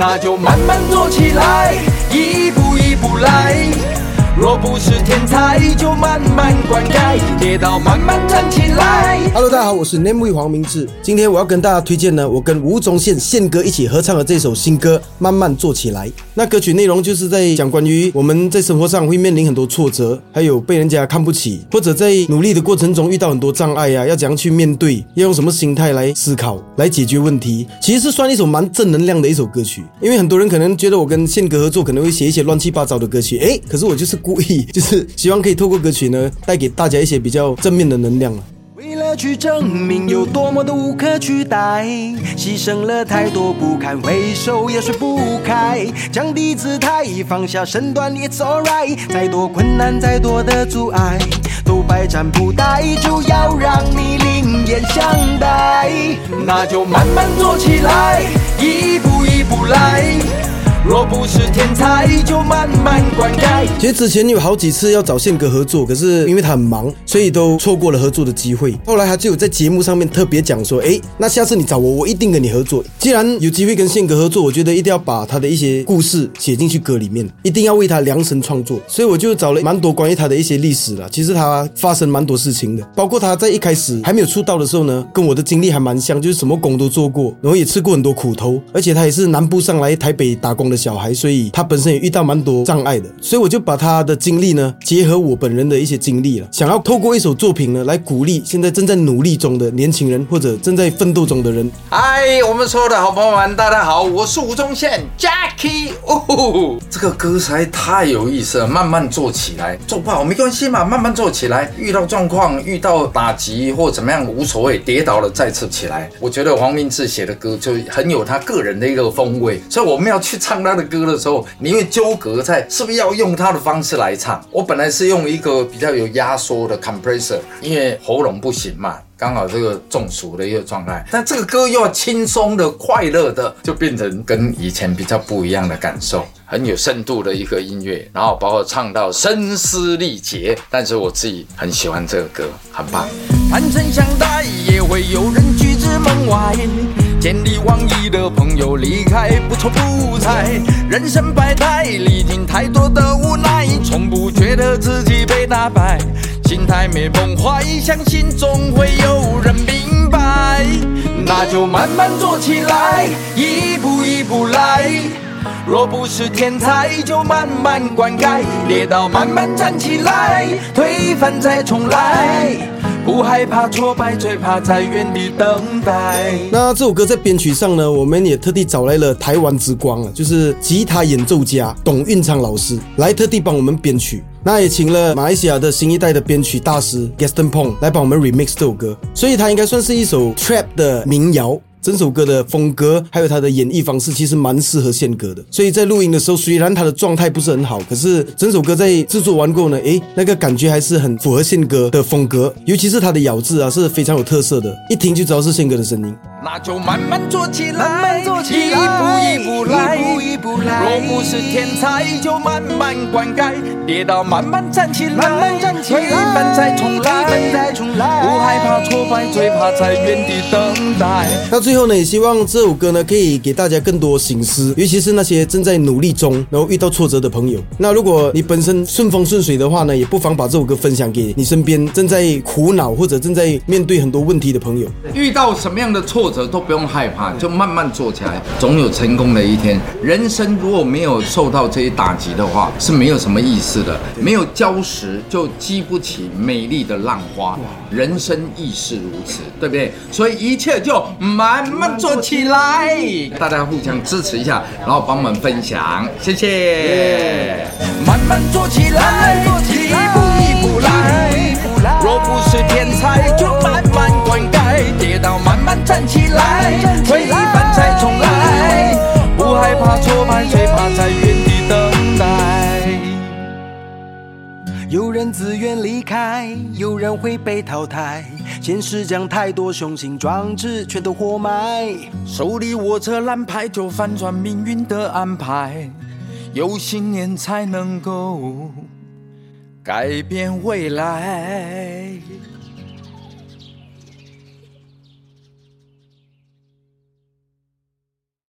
那就慢慢做起來，一步一步來。若不是天才，就慢慢灌溉，跌倒慢慢站起來。大家好，我是 Namewee 黃明志。今天我要跟大家推薦呢，我跟吳宗憲憲哥一起合唱的這首新歌《慢慢做起來》。那歌曲內容就是在講關於我們在生活上會面臨很多挫折，還有被人家看不起，或者在努力的過程中遇到很多障礙啊，要怎樣去面對，要用什麼心態來思考來解決問題。其實是算一首蠻正能量的一首歌曲。因為很多人可能覺得我跟憲哥合作，可能會寫一些亂七八糟的歌曲。誒，可是我就是故意，就是希望可以透過歌曲呢，帶給大家一些比較正面的能量。去證明有多麼的無可取代，犧牲了太多，不堪回首也甩不開。降低姿態，放下身段，It's alright。再多困難，再多的阻礙，都百戰不殆，就要讓你另眼相待。那就慢慢做起來，一步一步來。若不是天才，就慢慢灌溉。其實之前有好幾次要找憲哥合作，可是因為他很忙，所以都錯過了合作的機會。後來他就有在節目上面特別講說：“哎，那下次你找我，我一定跟你合作。”既然有機會跟憲哥合作，我覺得一定要把他的一些故事寫進去歌裡面，一定要為他量身創作。所以我就找了蠻多關於他的一些歷史了。其實他發生蠻多事情的，包括他在一開始還沒有出道的時候呢，跟我的經歷還蠻像，就是什麼工都做過，然後也吃過很多苦頭，而且他也是南部上來台北打工的。小孩，所以他本身也遇到蠻多障礙的，所以我就把他的經歷呢，結合我本人的一些經歷了，想要透過一首作品呢，來鼓勵現在正在努力中的年輕人，或者正在奮鬥中的人。嗨，我們所有的好朋友們，大家好，我是吳宗憲 Jackie。哦吼吼吼，這個歌實在太有意思了，慢慢做起來，做不好沒關係嘛，慢慢做起來。遇到狀況，遇到打擊或怎麼樣無所謂，跌倒了再次起來。我覺得黃明志寫的歌就很有他個人的一個風味，所以我們要去唱。他的歌的時候，你會糾葛在是不是要用他的方式來唱。我本來是用一個比較有壓縮的 compressor，因為喉嚨不行嘛，剛好這個中暑的一個狀態。但這個歌又要輕鬆的、快樂的，就變成跟以前比較不一樣的感受，很有深度的一個音樂。然後包括唱到聲嘶力竭，但是我自己很喜歡這個歌，很棒。見利忘義的朋友離開，不瞅不睬。人生百態，歷經太多的無奈，從不覺得自己被打敗，心態沒崩壞，相信總會有人明白。那就慢慢做起來，一步一步來。若不是天才，就慢慢灌溉，跌倒慢慢站起來，推翻再重來。不害怕挫敗，最怕在原地等待。那這首歌在編曲上呢，我們也特地找來了台灣之光，就是吉他演奏家，董運昌老師，來特地幫我們編曲。那也請了馬來西亞的新一代的編曲大師 Gaston Pong 來幫我們 remix 這首歌，所以它應該算是一首 trap 的民謠。整首歌的風格，還有他的演繹方式，其實蠻適合憲哥的。所以在錄音的時候，雖然他的狀態不是很好，可是整首歌在制作完過後呢，誒，那個感覺還是很符合憲哥的風格，尤其是他的咬字啊，是非常有特色的，一聽就知道是憲哥的聲音。那就慢慢做起來，一步一步來。若不是天才，就慢慢灌溉；跌倒慢慢站起來，慢慢站起來，慢慢再重來，慢慢再重來，慢慢再重來。不害怕挫敗，最怕在原地等待。那最後呢，也希望這首歌呢，可以給大家更多省思，尤其是那些正在努力中，然後遇到挫折的朋友。那如果你本身順風順水的話呢，也不妨把這首歌分享給你身邊正在苦惱或者正在面對很多問題的朋友。遇到什麼樣的挫？都不用害怕，就慢慢做起來，總有成功的一天。人生如果沒有受到這些打擊的話，是沒有什麼意思的。沒有礁石就激不起美麗的浪花，人生亦是如此，對不對？所以一切就慢慢做起來，慢慢做起來。大家互相支持一下，然後幫忙分享，謝謝。Yeah. 慢慢做起來，慢慢做起來。站起來，退一半再重來，不害怕挫敗，最怕在原地等待。有人自願離開，有人會被淘汰。現實將太多雄心壯志全都活埋。手裡握着爛牌，就翻轉命運的安排。有信念，才能夠改變未來。